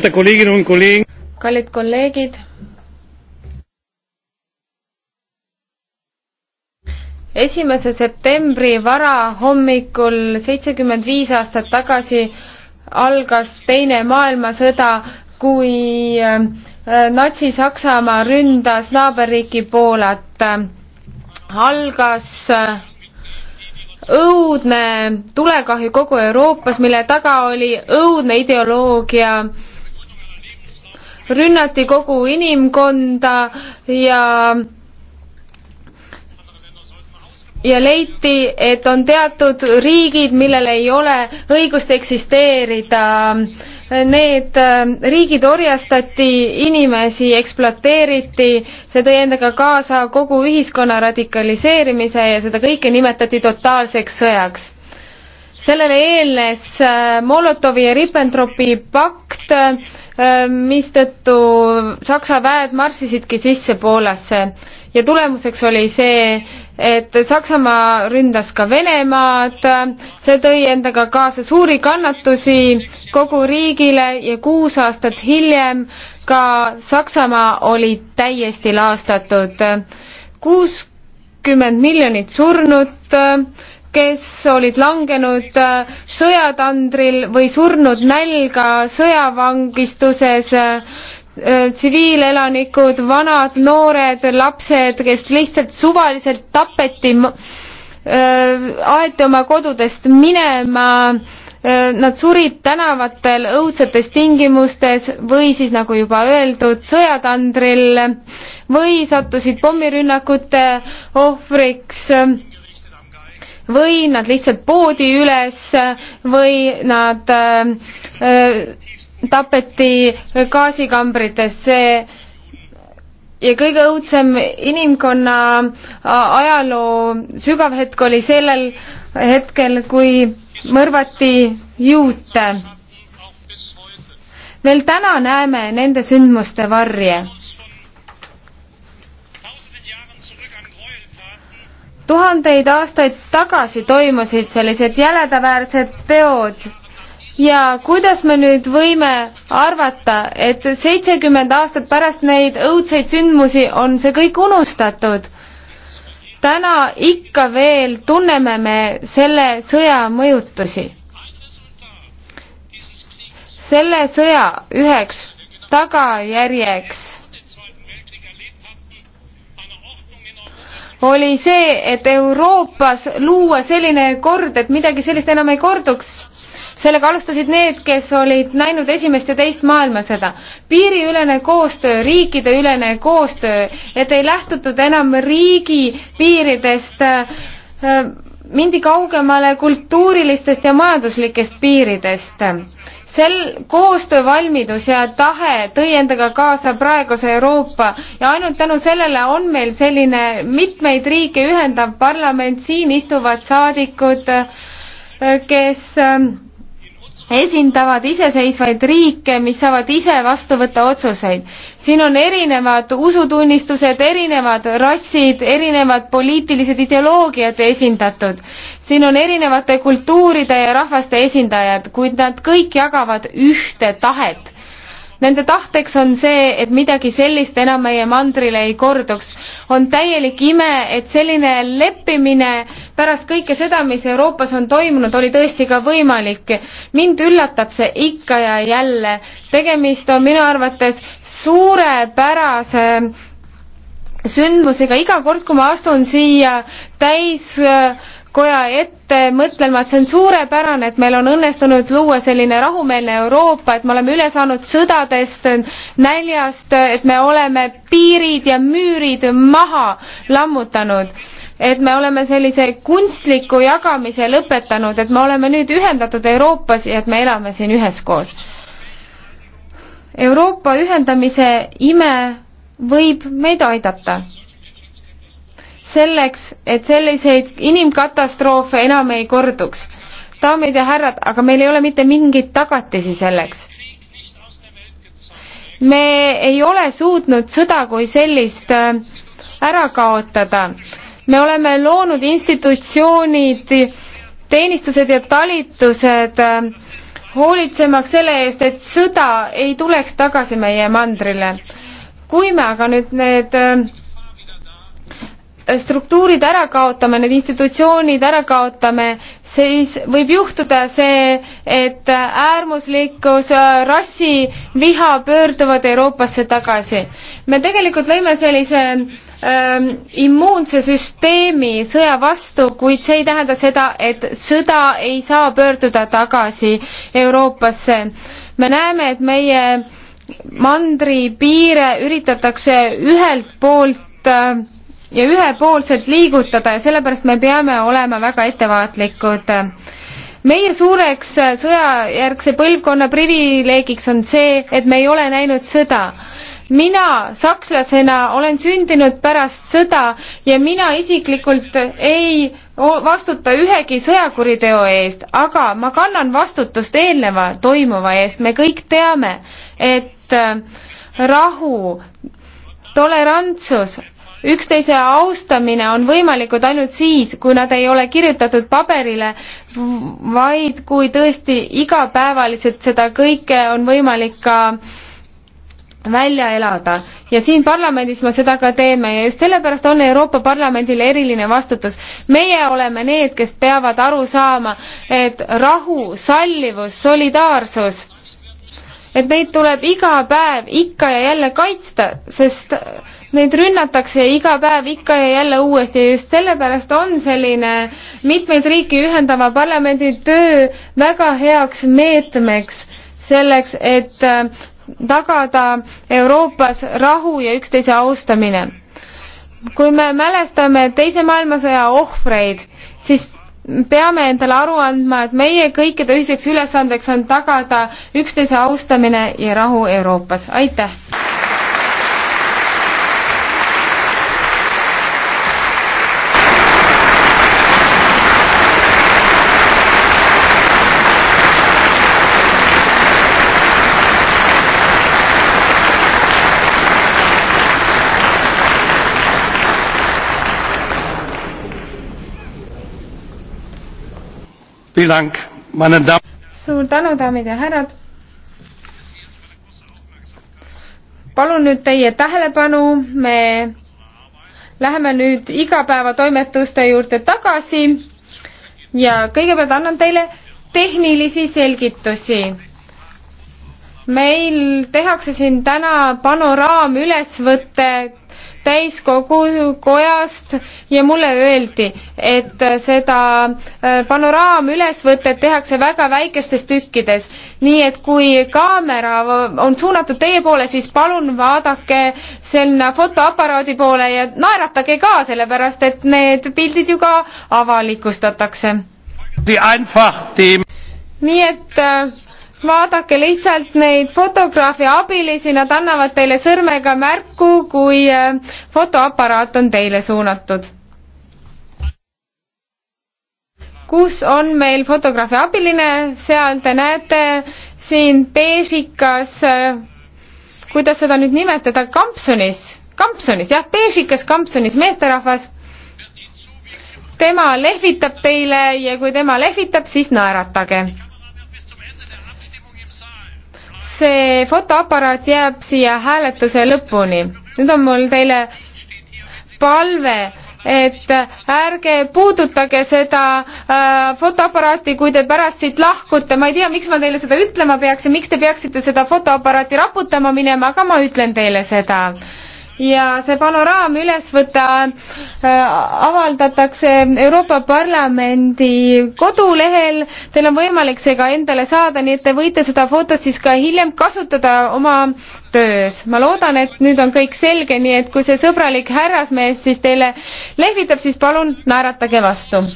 kallid kolleegid, esimese septembri varahommikul seitsekümmend viis aastat tagasi algas Teine maailmasõda, kui äh, Natsi-Saksamaa ründas naaberriiki Poolat. algas äh, õudne tulekahju kogu Euroopas, mille taga oli õudne ideoloogia rünnati kogu inimkonda ja ja leiti, et on teatud riigid, millel ei ole õigust eksisteerida. Need äh, riigid orjastati, inimesi ekspluateeriti, see tõi endaga kaasa kogu ühiskonna radikaliseerimise ja seda kõike nimetati totaalseks sõjaks. sellele eelnes äh, Molotovi ja Ribbentropi pakt, Äh, mistõttu Saksa väed marssisidki sisse Poolasse ja tulemuseks oli see, et Saksamaa ründas ka Venemaad, see tõi endaga kaasa suuri kannatusi kogu riigile ja kuus aastat hiljem ka Saksamaa oli täiesti laastatud. kuuskümmend miljonit surnut, kes olid langenud äh, sõjatandril või surnud nälga sõjavangistuses, äh, tsiviilelanikud, vanad, noored, lapsed, kes lihtsalt suvaliselt tapeti, äh, aeti oma kodudest minema, nad surid tänavatel õudsetes tingimustes või siis nagu juba öeldud, sõjatandril või sattusid pommirünnakute ohvriks või nad lihtsalt poodi üles või nad äh, tapeti gaasikambrites, see ja kõige õudsem inimkonna äh, ajaloo sügav hetk oli sellel hetkel, kui mõrvati juute. veel täna näeme nende sündmuste varje tuhandeid aastaid tagasi toimusid sellised jäledaväärsed teod ja kuidas me nüüd võime arvata, et seitsekümmend aastat pärast neid õudseid sündmusi on see kõik unustatud? täna ikka veel tunneme me selle sõja mõjutusi. selle sõja üheks tagajärjeks oli see, et Euroopas luua selline kord, et midagi sellist enam ei korduks. sellega alustasid need, kes olid näinud esimest ja teist maailmasõda. piiriülene koostöö, riikideülene koostöö, et ei lähtutud enam riigipiiridest äh, mindi kaugemale kultuurilistest ja majanduslikest piiridest sel koostöövalmidus ja tahe tõi endaga kaasa praeguse Euroopa ja ainult tänu sellele on meil selline mitmeid riike ühendav parlament, siin istuvad saadikud, kes ähm, esindavad iseseisvaid riike, mis saavad ise vastu võtta otsuseid. siin on erinevad usutunnistused, erinevad rassid, erinevad poliitilised ideoloogiad esindatud. siin on erinevate kultuuride ja rahvaste esindajad, kuid nad kõik jagavad ühte tahet Nende tahteks on see, et midagi sellist enam meie mandrile ei korduks. on täielik ime, et selline leppimine pärast kõike seda, mis Euroopas on toimunud, oli tõesti ka võimalik. mind üllatab see ikka ja jälle. tegemist on minu arvates suurepärase äh, sündmusega, iga kord, kui ma astun siia täis äh, koja ette mõtlema, et see on suurepärane, et meil on õnnestunud luua selline rahumeelne Euroopa, et me oleme üle saanud sõdadest, näljast, et me oleme piirid ja müürid maha lammutanud et me oleme sellise kunstliku jagamise lõpetanud, et me oleme nüüd ühendatud Euroopas ja et me elame siin üheskoos. Euroopa ühendamise ime võib meid aidata selleks, et selliseid inimkatastroofe enam ei korduks. daamid ja härrad, aga meil ei ole mitte mingeid tagatisi selleks. me ei ole suutnud sõda kui sellist äh, ära kaotada. me oleme loonud institutsioonid, teenistused ja talitused äh, hoolitsemaks selle eest, et sõda ei tuleks tagasi meie mandrile. kui me aga nüüd need äh, struktuurid ära kaotame, need institutsioonid ära kaotame, siis võib juhtuda see, et äärmuslikkus, rassiviha pöörduvad Euroopasse tagasi. me tegelikult lõime sellise ähm, immuunse süsteemi sõja vastu, kuid see ei tähenda seda, et sõda ei saa pöörduda tagasi Euroopasse. me näeme, et meie mandripiire üritatakse ühelt poolt äh, ja ühepoolselt liigutada ja sellepärast me peame olema väga ettevaatlikud. meie suureks sõjajärgse põlvkonna privileegiks on see, et me ei ole näinud sõda mina sakslasena olen sündinud pärast sõda ja mina isiklikult ei vastuta ühegi sõjakuriteo eest, aga ma kannan vastutust eelneva toimuva eest, me kõik teame, et rahu, tolerantsus üksteise austamine on võimalikud ainult siis, kui nad ei ole kirjutatud paberile, vaid kui tõesti igapäevaliselt seda kõike on võimalik ka välja elada ja siin parlamendis me seda ka teeme ja just sellepärast on Euroopa Parlamendil eriline vastutus. meie oleme need, kes peavad aru saama, et rahu, sallivus, solidaarsus, et neid tuleb iga päev ikka ja jälle kaitsta, sest Neid rünnatakse iga päev ikka ja jälle uuesti ja just sellepärast on selline mitmeid riike ühendava parlamendi töö väga heaks meetmeks selleks, et äh, tagada Euroopas rahu ja üksteise austamine. kui me mälestame Teise maailmasõja ohvreid, siis peame endale aru andma, et meie kõikide ühiseks ülesandeks on tagada üksteise austamine ja rahu Euroopas. aitäh! suur tänu, daamid ja härrad. palun nüüd teie tähelepanu, me läheme nüüd igapäevatoimetuste juurde tagasi ja kõigepealt annan teile tehnilisi selgitusi. meil tehakse siin täna panoraamülesvõte täiskogu kojast ja mulle öeldi, et seda äh, panoraamülesvõtet tehakse väga väikestes tükkides. nii et kui kaamera on suunatud teie poole, siis palun vaadake sinna fotoaparaadi poole ja naeratage ka, sellepärast et need pildid ju ka avalikustatakse. nii et äh, vaadake lihtsalt neid fotograafi abilisi, nad annavad teile sõrmega märku, kui äh, fotoaparaat on teile suunatud. kus on meil fotograafi abiline, seal te näete siin beežikas, äh, kuidas seda nüüd nimetada, kampsunis, kampsunis jah, beežikas kampsunis meesterahvas tema lehvitab teile ja kui tema lehvitab, siis naeratage see fotoaparaat jääb siia hääletuse lõpuni. nüüd on mul teile palve, et ärge puudutage seda äh, fotoaparaati, kui te pärast siit lahkute, ma ei tea, miks ma teile seda ütlema peaks ja miks te peaksite seda fotoaparaati raputama minema, aga ma ütlen teile seda ja see panoraam üles võtta äh, avaldatakse Euroopa Parlamendi kodulehel. Teil on võimalik see ka endale saada, nii et te võite seda fotot siis ka hiljem kasutada oma töös. ma loodan, et nüüd on kõik selge, nii et kui see sõbralik härrasmees siis teile lehvitab, siis palun naeratage vastu.